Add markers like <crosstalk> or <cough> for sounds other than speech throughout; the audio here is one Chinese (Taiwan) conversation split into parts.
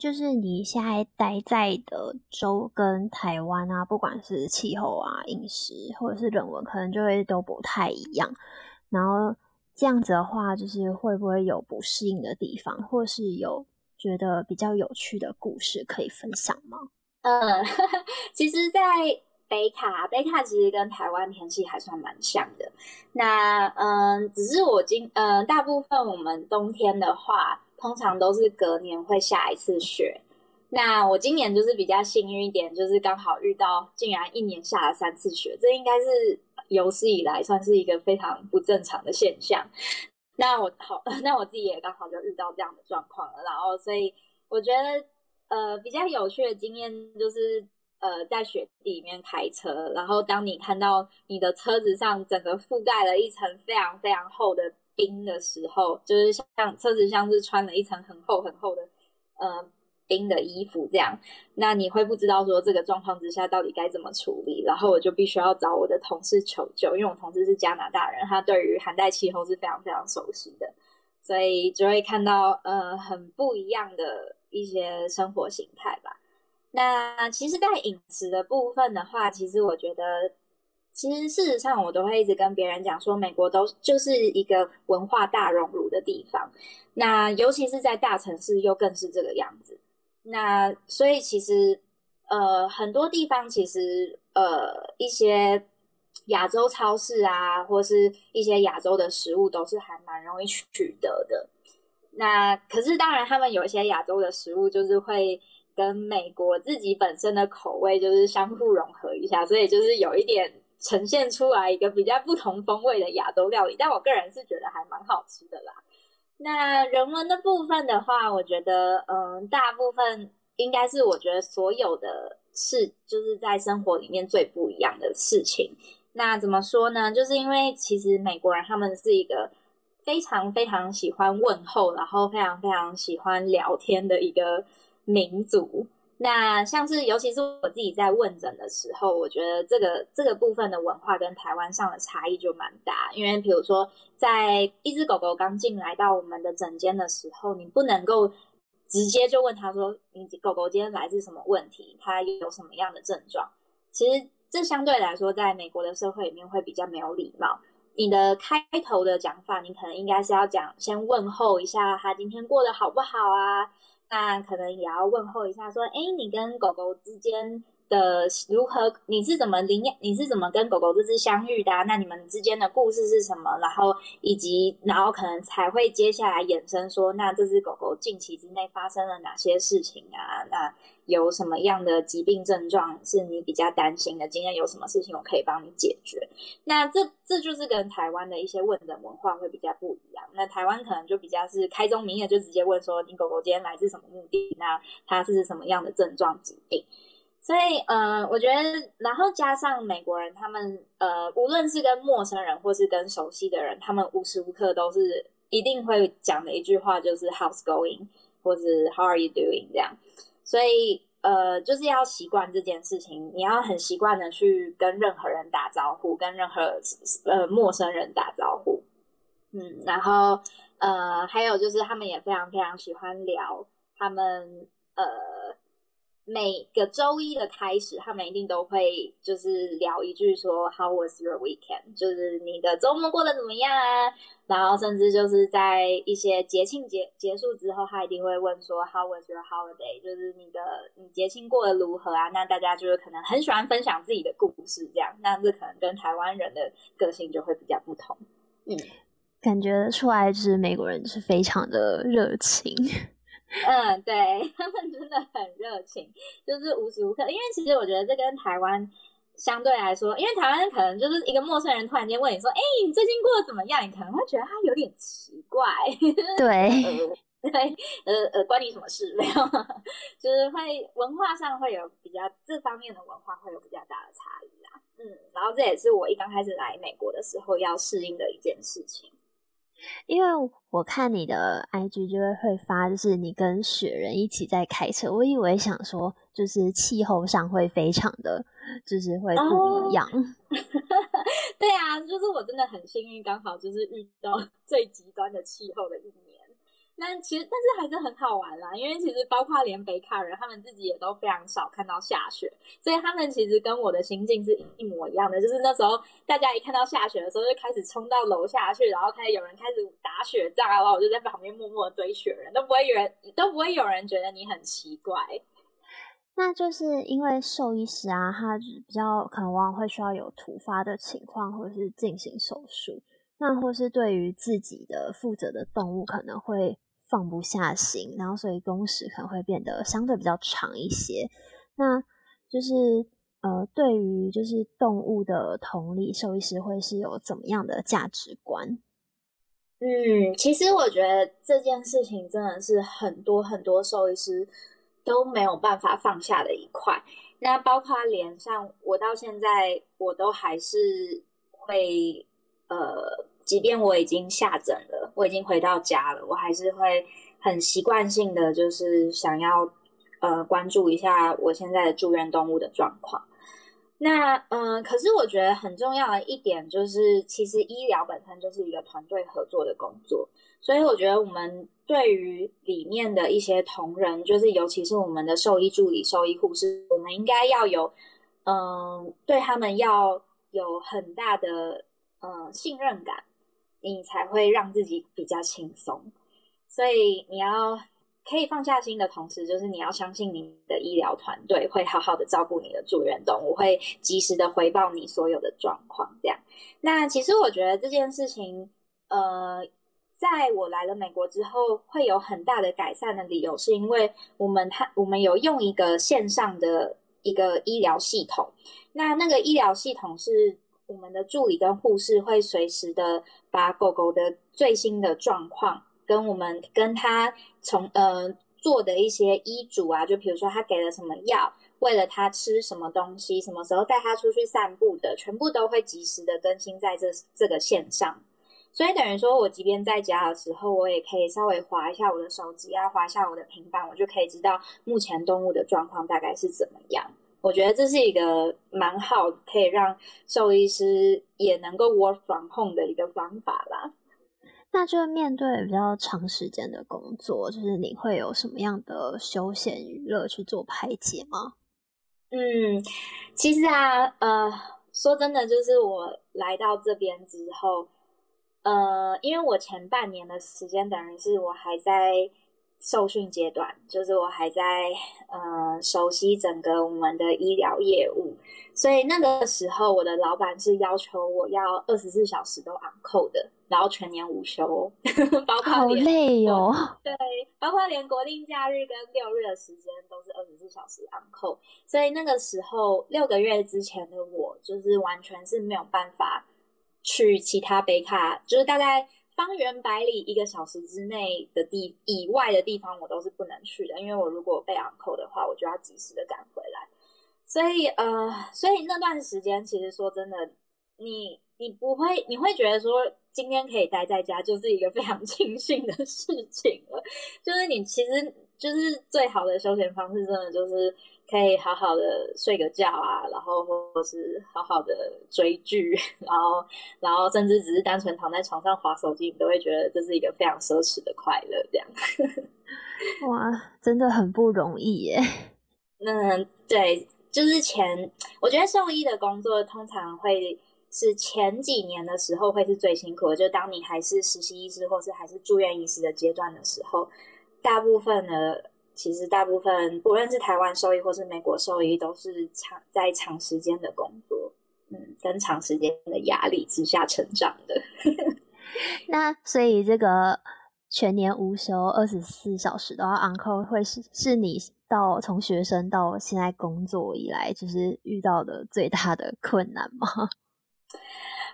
就是你現在待在的州跟台灣啊，不管是氣候啊、飲食或者是人文，可能就會都不太一樣。然後這樣子的話，就是會不會有不適應的地方，或是有覺得比較有趣的故事可以分享嗎？嗯呵呵，其實，在北卡，北卡其實跟台灣天氣還算蠻像的。那嗯，只是我今嗯，大部分我們冬天的話。通常都是隔年會下一次雪，那我今年就是比較幸運一點，就是剛好遇到竟然一年下了三次雪，這應該是有史以來算是一個非常不正常的現象。那我好，那我自己也剛好就遇到這樣的狀況了，然後所以我覺得呃比較有趣的經驗就是呃在雪地裡面開車，然後當你看到你的車子上整個覆蓋了一層非常非常厚的。冰的時候，就是像，車子，像是穿了一層很厚很厚的、呃，冰的衣服這樣。那你會不知道說這個狀況之下到底該怎麼處理，然後我就必須要找我的同事求救，因為我同事是加拿大人，他對於寒帶氣候是非常非常熟悉的，所以就會看到呃很不一樣的一些生活形態吧。那其實，在飲食的部分的話，其實我覺得。其實，事實上，我都會一直跟別人講說，美國都就是一個文化大熔爐的地方。那尤其是在大城市，又更是這個樣子。那所以，其實，呃，很多地方其實，呃，一些亞洲超市啊，或是一些亞洲的食物，都是還蠻容易取得的。那可是，當然，他們有一些亞洲的食物，就是會跟美國自己本身的口味就是相互融合一下，所以就是有一點。呈現出來一個比較不同風味的亞洲料理，但我個人是覺得還蠻好吃的啦。那人文的部分的話，我覺得，嗯、呃，大部分應該是我覺得所有的事，就是在生活裡面最不一樣的事情。那怎麼說呢？就是因為其實美國人他們是一個非常非常喜歡問候，然後非常非常喜歡聊天的一個民族。那像是，尤其是我自己在問診的時候，我覺得這個這個部分的文化跟台灣上的差異就蠻大。因為比如說，在一隻狗狗剛進來到我們的診間的時候，你不能夠直接就問他說：“你狗狗今天來是什麼問題？它有什麼樣的症狀？”其實這相對來說，在美國的社會裡面會比較沒有禮貌。你的開頭的講法，你可能應該是要講，先問候一下他今天過得好不好啊。那可能也要問候一下，說：“哎、欸，你跟狗狗之間。”的如何？你是怎麼領養？你是怎麼跟狗狗這次相遇的啊？那你們之間的故事是什麼？然後以及然後可能才會接下來衍生說，那這隻狗狗近期之內發生了哪些事情啊？那有什麼樣的疾病症狀是你比較擔心的？今天有什麼事情我可以幫你解決？那這這就是跟台灣的一些問診文化會比較不一樣。那台灣可能就比較是開宗明義就直接問說，你狗狗今天來是什麼目的啊？那它是什麼樣的症狀疾病？所以，呃，我覺得，然後加上美國人，他們，呃，無論是跟陌生人或是跟熟悉的人，他們無時無刻都是一定會講的一句話，就是 “How's going” 或是 “How are you doing” 這樣。所以，呃，就是要習慣這件事情，你要很習慣的去跟任何人打招呼，跟任何呃陌生人打招呼。嗯，然後，呃，還有就是他們也非常非常喜歡聊他們，呃。每個周一的開始，他們一定都會就是聊一句說 How was your weekend？就是你的周末過得怎麼樣啊？然後甚至就是在一些節慶結結束之後，他一定會問說 How was your holiday？就是你的你節慶過得如何啊？那大家就是可能很喜歡分享自己的故事這樣，那這可能跟台灣人的個性就會比較不同。嗯，感覺出來就是美國人是非常的熱情。嗯，對，他們真的很熱情，就是無時無刻。因為其實我覺得這跟台灣相對來說，因為台灣可能就是一個陌生人突然間問你說：“哎，你最近過得怎麼樣？”你可能會覺得他有點奇怪。對，嗯，對，呃呃呃，關你什麼事？沒有，就是會文化上會有比較這方面的文化會有比較大的差異啊。嗯，然後這也是我一剛開始來美國的時候要適應的一件事情。因為我看你的 IG 就會會發，就是你跟雪人一起在開車，我以為想說就是氣候上會非常的，就是會不一樣。Oh. <laughs> <laughs> 對啊，就是我真的很幸運，剛好就是遇到最極端的氣候的一年。但其實，但是還是很好玩啦，啊，因為其實包括連北卡人他們自己也都非常少看到下雪，所以他們其實跟我的心境是一模一樣的。就是那時候大家一看到下雪的時候，就開始衝到樓下去，然後開始有人開始打雪仗，然後我就在旁邊默默的堆雪人，都不會有人，都不會有人覺得你很奇怪。那就是因為獸醫師啊，他比較可能會需要有突發的情況，或者是進行手術，那或是對於自己的負責的動物可能會。放不下心，然後所以工時可能會變得相對比較長一些。那就是呃，對於就是動物的同理，獸醫師會是有怎麼樣的價值觀？嗯，其實我覺得這件事情真的是很多很多獸醫師都沒有辦法放下的一塊。那包括連像，我到現在，我都還是會呃，即便我已經下診了。我已經回到家了，我還是會很習慣性的，就是想要呃關注一下我現在的住院動物的狀況。那嗯、呃，可是我覺得很重要的一點就是，其實醫療本身就是一個團隊合作的工作，所以我覺得我們對於裡面的一些同仁，就是尤其是我們的獸醫助理、獸醫護士，我們應該要有嗯、呃，對他們要有很大的呃信任感。你才會讓自己比較輕鬆，所以你要可以放下心的同時，就是你要相信你的醫療團隊會好好的照顧你的住院動物，會及時的回報你所有的狀況。這樣，那其實我覺得這件事情，呃，在我來了美國之後，會有很大的改善的理由，是因為我們他我們有用一個線上的一個醫療系統，那那個醫療系統是。我們的助理跟護士會隨時的把狗狗的最新的狀況跟我們跟他從呃做的一些醫囑啊，就比如說他給了什麼藥，餵了他吃什麼東西，什麼時候帶他出去散步的，全部都會及時的更新在這這個線上。所以等於說，我即便在家的時候，我也可以稍微滑一下我的手機啊，要滑一下我的平板，我就可以知道目前動物的狀況大概是怎麼樣。我覺得這是一個蠻好可以讓獸醫師也能夠 work from home 的一個方法啦。那就面對比較長時間的工作，就是你會有什麼樣的休閒娛樂去做排解嗎？嗯，其實啊，呃，說真的，就是我來到這邊之後，呃，因為我前半年的時間，等於是我還在。受訓階段，就是我還在呃，熟悉整個我們的醫療業務，所以那個時候我的老板是要求我要二十四小時都 on call 的，然後全年無休，包括連、好累哦、對，包括連國定假日跟六日的時間都是二十四小時 on call，所以那個時候六個月之前的我就是完全是沒有辦法去其他北卡，就是大概。方圓百里，一個小時之內的地以外的地方，我都是不能去的。因為我如果被 on call 的話，我就要及時的趕回來。所以，呃，所以那段時間，其實說真的，你你不會，你會覺得說，今天可以待在家，就是一個非常慶幸的事情了。就是你其實。就是最好的休閒方式，真的就是可以好好的睡個覺啊，然後或是好好的追劇，然後然後甚至只是單純躺在床上滑手機，你都會覺得這是一個非常奢侈的快樂。這樣， <laughs> 哇，真的很不容易耶。嗯，對，就是前，我覺得獸醫的工作通常會是前幾年的時候會是最辛苦的。就當你還是實習醫師或是還是住院醫師的階段的時候。大部分的，其實大部分，不論是台灣獸醫或是美國獸醫都是長在長時間的工作，嗯，跟長時間的壓力之下成長的。 <laughs> 那所以這個全年無休、二十四小時的話 on call，會是是你到從學生到現在工作以來，就是遇到的最大的困難嗎？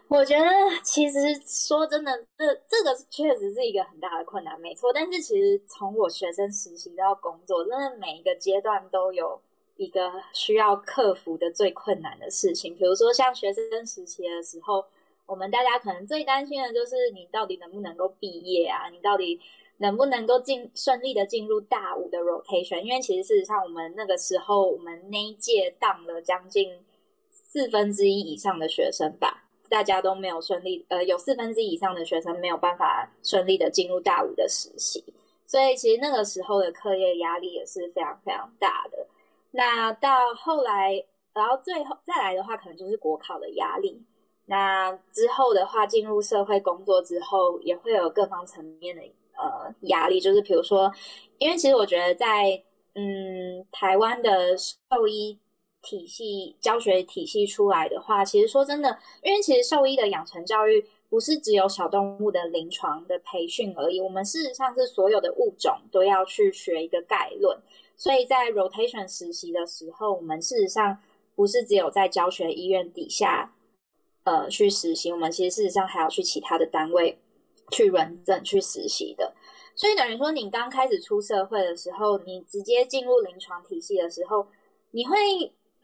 我覺得，其實說真的，這這個確實是一個很大的困難，沒錯。但是其實從我學生實習到工作，真的每一個階段都有一個需要克服的最困難的事情。比如說像學生實習的時候，我們大家可能最擔心的就是你到底能不能夠畢業啊？你到底能不能夠進，順利的進入大五的 rotation？因為其實事實上，我們那個時候我們那一屆當了將近四分之一以上的學生吧。大家都沒有順利，呃，有四分之一以上的學生沒有辦法順利的進入大五的實習，所以其實那個時候的課業壓力也是非常非常大的。那到後來，然後最後再來的話，可能就是國考的壓力。那之後的話，進入社會工作之後，也會有各方層面的呃壓力，就是比如說，因為其實我覺得在嗯台灣的獸醫。體系教學體系出來的話，其實說真的，因為其實獸醫的養成教育不是只有小動物的臨床的培訓而已，我們事實上是所有的物種都要去學一個概論，所以在 rotation 實習的時候，我們事實上不是只有在教學醫院底下，呃，去實習，我們其實事實上還要去其他的單位去認證去實習的，所以等於說，你剛開始出社會的時候，你直接進入臨床體系的時候，你會。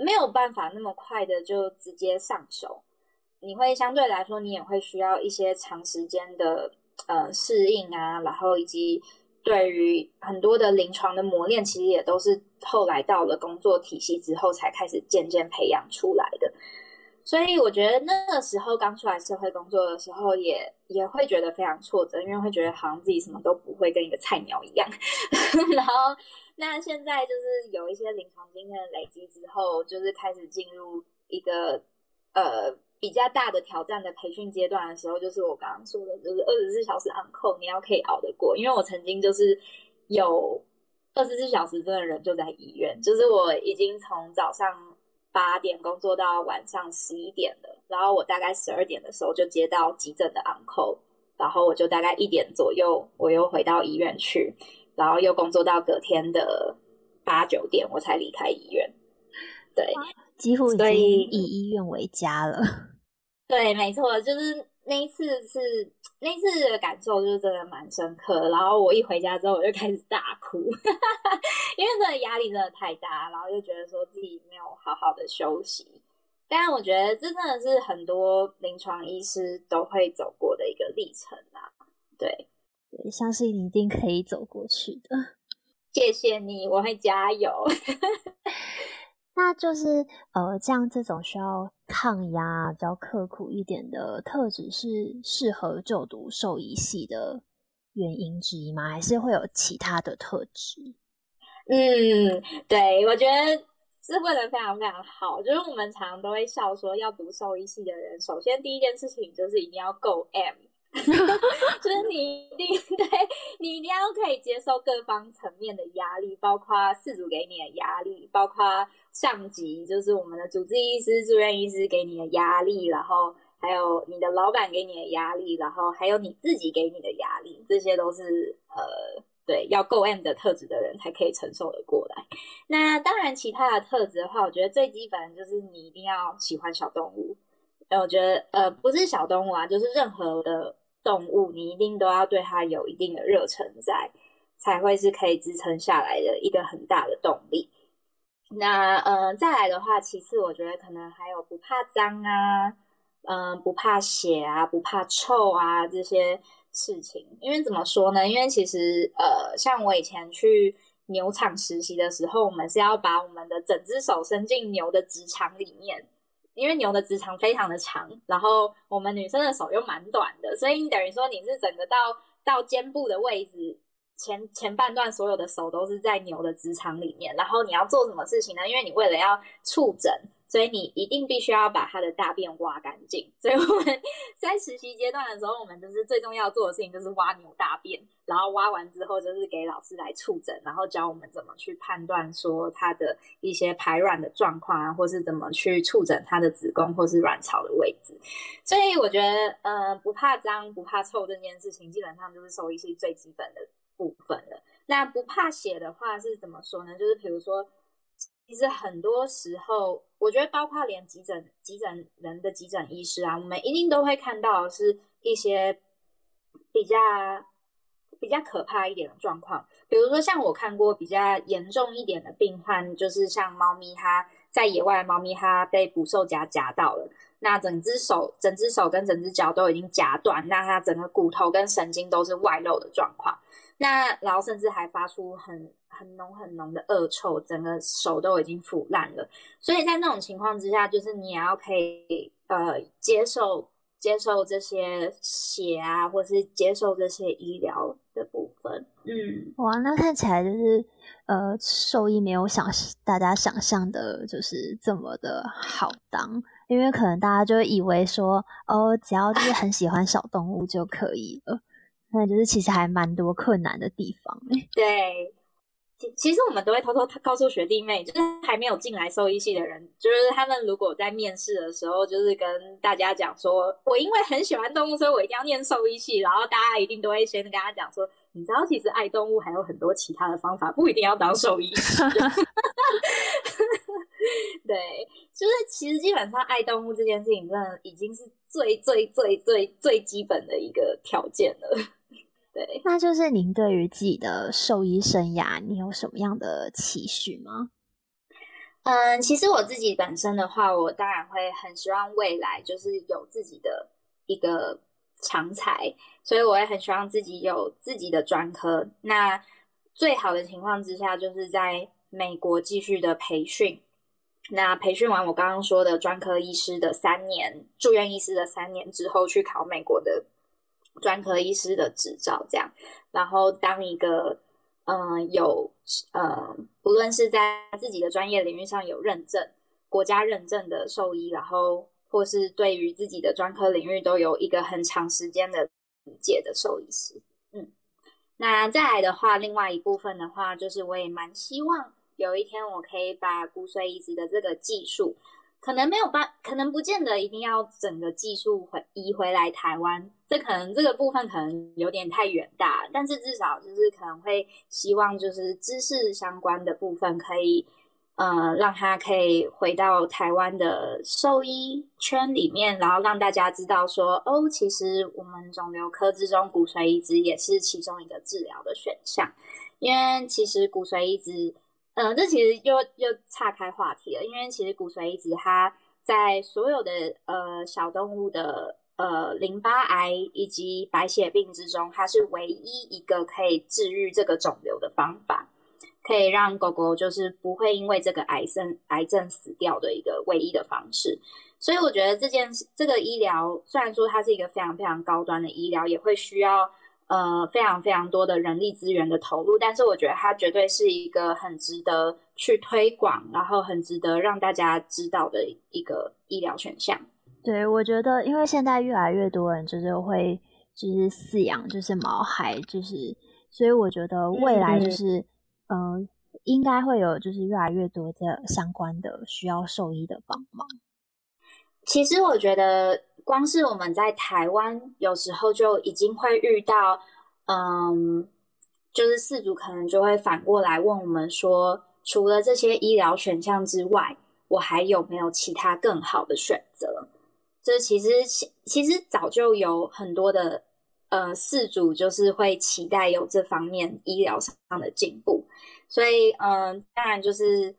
沒有辦法那麼快的就直接上手，你會相對來說，你也會需要一些長時間的呃適應啊，然後以及對於很多的臨床的磨練，其實也都是後來到了工作體系之後才開始漸漸培養出來的。所以我覺得那個時候剛出來社會工作的時候也，也也會覺得非常挫折，因為會覺得好像自己什麼都不會，跟一個菜鳥一樣。 <laughs> 然後，那現在就是有一些臨床經驗的累積之後，就是開始進入一個呃比較大的挑戰的培訓階段的時候，就是我剛剛說的，就是二十四小時 on call 你要可以熬得過，因為我曾經就是有二十四小時真的人就在醫院，就是我已經從早上。八點工作到晚上十一點的，然後我大概十二點的時候就接到急診的 on call，然後我就大概一點左右，我又回到醫院去，然後又工作到隔天的八九點，我才離開醫院。對，啊、幾乎已經以醫院為家了。對，沒錯，就是那一次是。那次的感受就是真的蠻深刻的，然後我一回家之後我就開始大哭， <laughs> 因為真的壓力真的太大，然後就覺得說自己沒有好好的休息。但我覺得這真的是很多臨床醫師都會走過的一個歷程啊。對，對，相信你一定可以走過去的。謝謝你，我會加油。 <laughs> 那就是呃，像這，這種需要抗壓、比較刻苦一點的特質，是適合就讀獸醫系的原因之一嗎？還是會有其他的特質？嗯，對，我覺得是問的非常非常好。就是我們常常都會笑說，要讀獸醫系的人，首先第一件事情就是一定要夠 M。 <laughs> 就是你一定對，你一定要可以接受各方層面的壓力，包括飼主給你的壓力，包括上級，就是我們的主治醫師、住院醫師給你的壓力，然後還有你的老板給你的壓力，然後還有你自己給你的壓力，這些都是呃，對，要夠 M 的特質的人才可以承受得過來。那當然，其他的特質的話，我覺得最基本就是你一定要喜歡小動物。哎，我覺得呃，不是小動物啊，就是任何的。動物，你一定都要對它有一定的熱忱在，才會是可以支撐下來的一個很大的動力。那嗯、呃，再來的話，其次我覺得可能還有不怕髒啊，嗯、呃，不怕血啊，不怕臭啊，這些事情。因為怎麼說呢？因為其實呃，像我以前去牛場實習的時候，我們是要把我們的整只手伸進牛的直腸裡面。因為牛的直腸非常的長，然後我們女生的手又蠻短的，所以你等於說你是整個到到肩部的位置，前前半段所有的手都是在牛的直腸裡面，然後你要做什麼事情呢？因為你為了要觸診。所以你一定必須要把它的大便挖乾淨。所以我們在實習階段的時候，我們就是最重要做的事情就是挖牛大便，然後挖完之後就是給老師來觸診，然後教我們怎麼去判斷說它的一些排卵的狀況啊，或是怎麼去觸診它的子宮或是卵巢的位置。所以我覺得，嗯、呃，不怕髒、不怕臭這件事情，基本上就是獸醫是最基本的部分了。那不怕血的話是怎麼說呢？就是比如說。其實很多時候，我覺得包括連急診、急診人的急診醫師啊，我們一定都會看到的是一些比較、比較可怕一點的狀況。比如說，像我看過比較嚴重一點的病患，就是像貓咪，它在野外，貓咪它被捕獸夾夾到了，那整只手、整只手跟整只腳都已經夾斷，那它整個骨頭跟神經都是外露的狀況。那然後甚至還發出很很濃很濃的惡臭，整個手都已經腐爛了。所以在那種情況之下，就是你也要可以呃接受接受這些血啊，或是接受這些醫療的部分。嗯，哇，那看起來就是呃，獸醫沒有想大家想象的，就是這麼的好當，因為可能大家就以為說哦，只要就是很喜歡小動物就可以了。那就是其實還蠻多困難的地方，欸。對，其其實我們都會偷偷告訴學弟妹，就是還沒有進來獸醫系的人，就是他們如果在面試的時候，就是跟大家講說，我因為很喜歡動物，所以我一定要念獸醫系。然後大家一定都會先跟他講說，你知道，其實愛動物還有很多其他的方法，不一定要當獸醫。 <laughs> <laughs> 對，就是其實基本上愛動物這件事情，真的已經是最最最最最最基本的一個條件了。對，那就是您對於自己的獸醫生涯，你有什麼樣的期許嗎？嗯，其實我自己本身的話，我當然會很希望未來就是有自己的一個長才，所以我也很希望自己有自己的專科。那最好的情況之下，就是在美國繼續的培訓。那培訓完我剛剛說的專科醫師的三年，住院醫師的三年之後，去考美國的。專科醫師的執照，這樣，然後當一個，嗯、呃，有，呃，不論是在自己的專業領域上有認證，國家認證的獸醫，然後或是對於自己的專科領域都有一個很長時間的理解的獸醫師，嗯，那再來的話，另外一部分的話，就是我也蠻希望有一天我可以把骨髓移植的這個技術。可能沒有辦，可能不見得一定要整個技術回移回來台灣，這可能這個部分可能有點太遠大，但是至少就是可能會希望就是知識相關的部分可以，呃，讓他可以回到台灣的獸醫圈裡面，然後讓大家知道說，哦，其實我們腫瘤科之中骨髓移植也是其中一個治療的選項，因為其實骨髓移植。嗯、呃，這其實又又岔開話題了，因為其實骨髓移植它在所有的呃小動物的呃淋巴癌以及白血病之中，它是唯一一個可以治癒這個腫瘤的方法，可以讓狗狗就是不會因為這個癌症癌症死掉的一個唯一的方式。所以我覺得這件這個醫療雖然說它是一個非常非常高端的醫療，也會需要。呃，非常非常多的人力資源的投入，但是我覺得它絕對是一個很值得去推廣，然後很值得讓大家知道的一個醫療選項。對，我覺得，因為現在越來越多人就是會就是飼養就是毛孩，就是所以我覺得未來就是、嗯、呃，應該會有就是越來越多的相關的需要獸醫的幫忙。其實我覺得。光是我們在台灣，有時候就已經會遇到，嗯，就是飼主可能就會反過來問我們說，除了這些醫療選項之外，我還有沒有其他更好的選擇？這其實其，其實早就有很多的，呃，飼主就是會期待有這方面醫療上的進步，所以，嗯、呃，當然就是，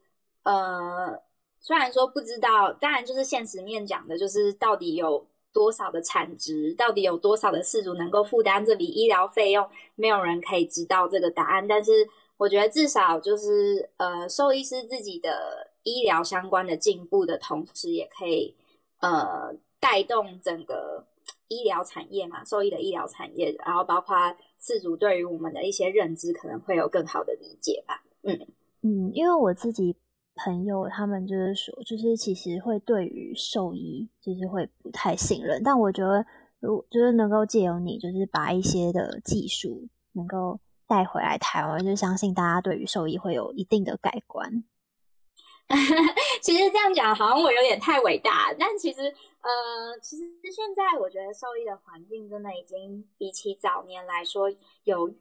呃，雖然說不知道，當然就是現實面講的，就是到底有。多少的產值，到底有多少的飼主能夠負擔這筆醫療費用？沒有人可以知道這個答案。但是我覺得至少就是呃，獸醫師自己的醫療相關的進步的同時，也可以呃帶動整個醫療產業嘛，獸醫的醫療產業，然後包括飼主對於我們的一些認知，可能會有更好的理解吧。嗯嗯，因為我自己。朋友他們就是說，就是其實會對於獸醫就是會不太信任，但我覺得如果就是能夠借由你，就是把一些的技術能夠帶回來台灣，就相信大家對於獸醫會有一定的改觀。 <laughs> 其實這樣講好像我有點太偉大，但其實呃，其實現在我覺得獸醫的環境真的已經比起早年來說有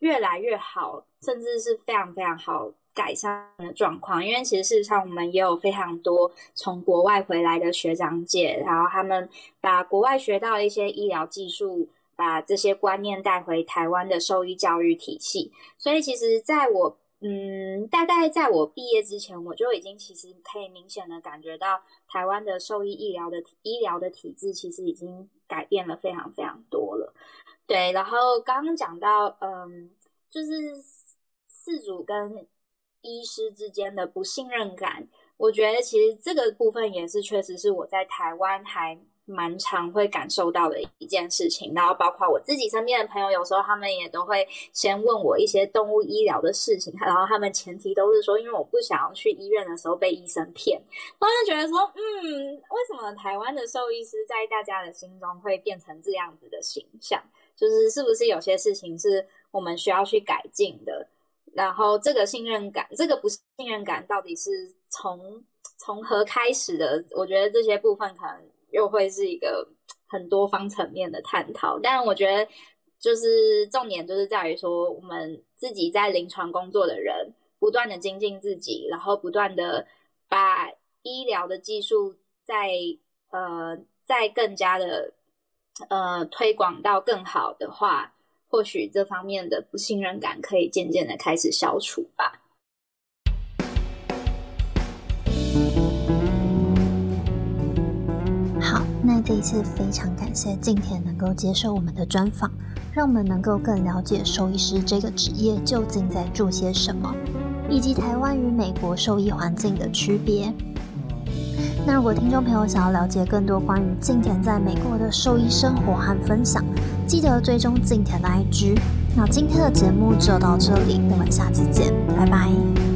越來越好，甚至是非常非常好。改善的狀況，因為其實事實上，我們也有非常多從國外回來的學長姐，然後他們把國外學到的一些醫療技術，把這些觀念帶回台灣的獸醫教育體系。所以，其實在我嗯，大概在我畢業之前，我就已經其實可以明顯的感覺到，台灣的獸醫醫療的醫療的體制其實已經改變了非常非常多了。對，然後剛剛講到，嗯，就是飼主跟醫師之間的不信任感，我覺得其實這個部分也是確實是我在台灣還蠻常會感受到的一件事情。然後包括我自己身邊的朋友，有時候他們也都會先問我一些動物醫療的事情，然後他們前提都是說，因為我不想要去醫院的時候被醫生騙。我就覺得說，嗯，為什麼台灣的獸醫師在大家的心中會變成這樣子的形象？就是是不是有些事情是我們需要去改進的？然後，這個信任感，這個不信任感，到底是從從何開始的？我覺得這些部分可能又會是一個很多方層面的探討。但我覺得，就是重點就是在於說，我們自己在臨床工作的人，不斷的精進自己，然後不斷的把醫療的技術再呃再更加的呃推廣到更好的話。或許這方面的不信任感可以漸漸的開始消除吧。好，那這一次非常感謝靖恬能夠接受我們的專訪，讓我們能夠更了解獸醫師這個職業究竟在做些什麼，以及台灣與美國獸醫環境的區別。那如果聽眾朋友想要了解更多關於靖恬在美國的獸醫生活和分享，記得追蹤靖恬的 IG。那今天的節目就到這裡，我們下期見，拜拜。